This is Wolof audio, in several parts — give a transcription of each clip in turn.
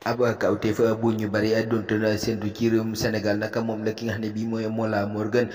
ab kawteef bu ñu bëri donte na séntu ci réewum Sénégal nag moom la ki nga xam ne bii mooy Mollah Morgun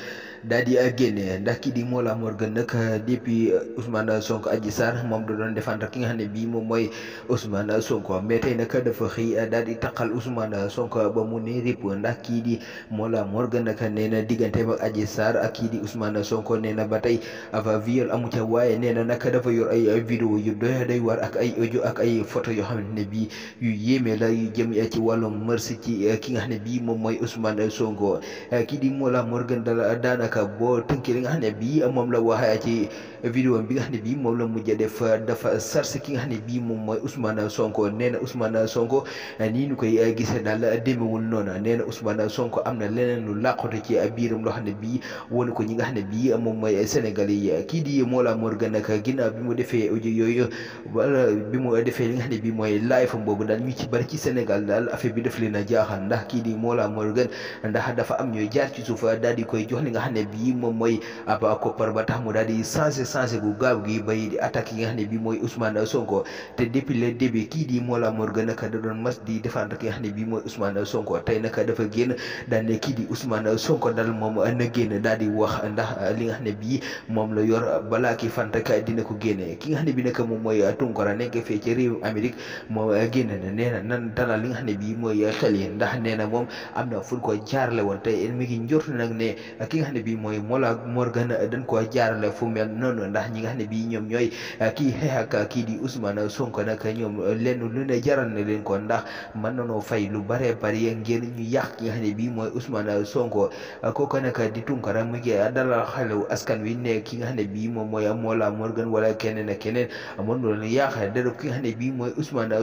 daal di génne ndax ki di Mollah Morgun nag depuis Ousmane Sonko Adji Sarr moom da doon défendre ki nga xam ne bii moom mooy Ousmane Sonko mais tey nag dafa xëy daal di taqal Ousmane Sonko ba mu ne répp ndax kii di Mollah Morgun nag nee na diggante ak Adji Sarr ak kii di Ousmane Sonko nee na ba tey ab viol amu ca waaye nee na nag dafa yor ay vidéo yu doy day war ak ay foto yoo xam ne bii yu yéeme la. yu jëm eh, ci wàllum mërs ci eh, ki nga xam ne bii moom mooy Ousmane Sonko eh, kii di Mollah Morgun dal daanaka boo tënkee li nga xam ne bii moom la wax ci vidéo bi nga ne bii moom la mujj def dafa sarse ki xam ne bii moom mooy Ousmane Sonko nee na Ousmane Sonko nii ñu koy gisee daal demewul noonu nee na Ousmane Sonko am na leneen lu làqatu ci biiram loo xam ne bii wone ko ñi nga xam ne bii moom mooy Sénégal yi kii di Mollah Morgun nag ginnaaw bi mu defee audio yooyu wala bi mu defee li nga xam ne bii mooy live boobu daal ñu ci bari ci Sénégal daal affaire bi def leen a jaaxal ndax kii di Mollah Morgun ndax dafa am ñooy jaar ci suufa daal di koy jox li nga xam ne bii moom mooy ab koppar ba tax mu daal di changé changé bu gaaw gi bay attaque yi nga xam ne bii mooy Ousmane Sonko te depuis le début kii di Mollah Morgun naka da doon mas di défendre ki nga xam ne bii mooy Ousmane Sonko tey naka dafa génn daal ne kii di Ousmane Sonko daal moom na génn daal di wax ndax li nga xam ne bii moom la yor balaa ki fan rek dina ko génne ki nga xam ne bii nag moom mooy Tunkara nekk fee ci réew Amérique moom génn na nee dalal li nga xam ne bii mooy xel yi ndax nee na moom am na fu ko jaarale woon te mi ngi njort nag ne ki nga xam ne ko jaarale fu mel noonu ndax ñi nga xam ne bii ñoom ñooy kii xeex ki kii di Ousmane Sonko nag ñoom lenn lu ne jaral na ko ndax mën nañoo fay lu bare bari ngir ñu yàq ki nga xam mooy Ousmane Sonko kooku nag di Tunkara mu ngi dalal xelu askan wi ne ki nga bi ne bii moom mooy Mollah Morgun wala keneen ak keneen amoon na lu yàq dara ki nga xam ne bii mooy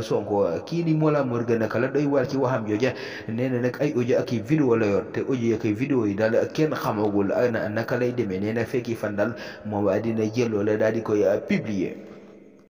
Sonko kii di Mollah Morgun mën nga naka la doy waar ci waxam jooja nee na nag ay audio ak i vidéo la yor te audio ak i vidéo yi daal kenn xamagul ana naka lay demee nee na fekki fan daal moom a dina jël loola daal di koy publier